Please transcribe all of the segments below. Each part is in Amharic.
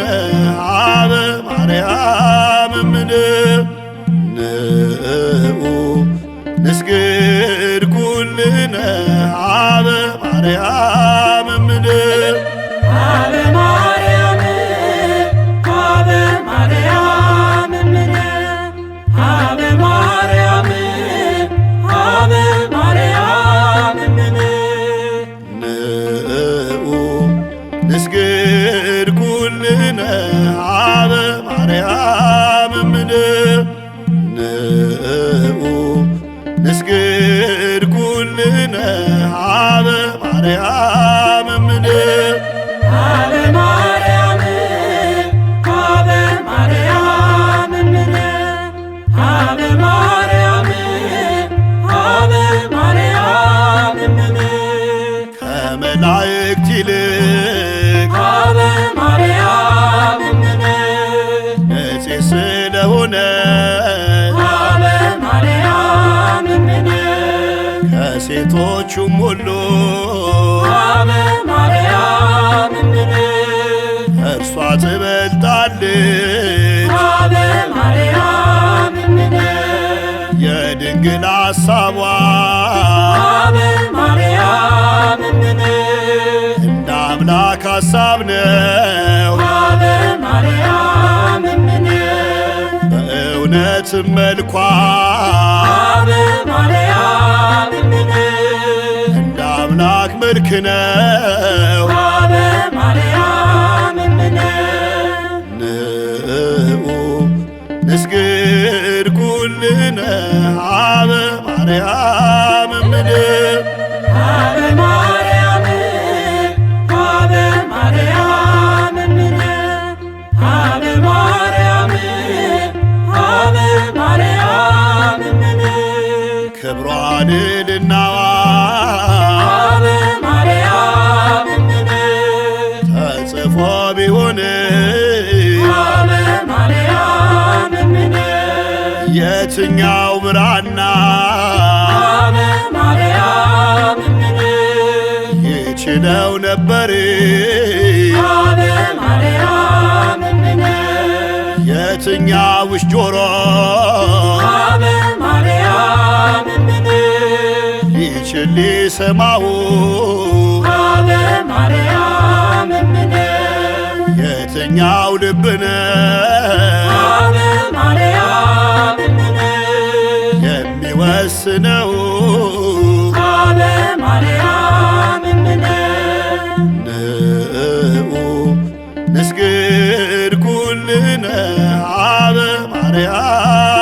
አበ ማርያም እምነ ንዑ ንስግድ ኩልነ አበ ማርያም እምነ አበ ማርያም እምነ አበ ማርያም አበ ማርያም እምነ አበ ማርያም አበ ማርያም እምነ ከመላእክት ይልቅ አበ ማርያም እምነ ነጽህ ስለሆነ ሴቶቹም ሁሉ ማርያም እርሷ ትበልጣለች የድንግል ሐሳቧ እንደ አምላክ አሳብ ነው። እውነት መልኳ እንደ አምላክ መልክ ነው። ንዑ ንስግድ ኩልነ አበ ማርያም ክብሯን ልናዋ ተጽፎ ቢሆን የትኛው ብራና ይችለው ነበር የትኛውሽ ጆሮ ሊሰማሁ አበ ማርያም እምነ የተኛው ልብነ አበ ማርያም እምነ የሚወስነው አበ ማርያም እምነ ንዑ ንስግድ ኩልነ አበ ማርያም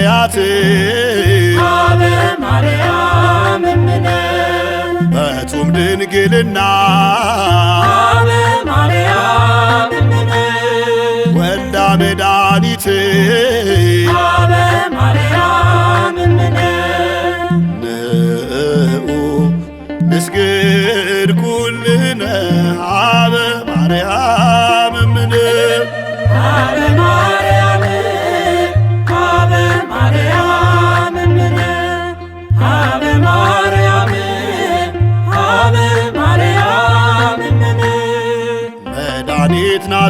ነቢያት ማርያም በቱም ድንግልና ወልዳ መድኃኒት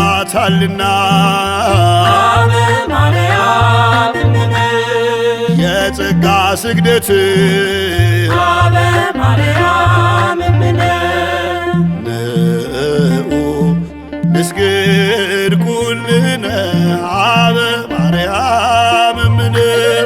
ያማታልና የጸጋ ስግደት ንዑ ንስግድ ኩልነ አበ ማርያም እምነ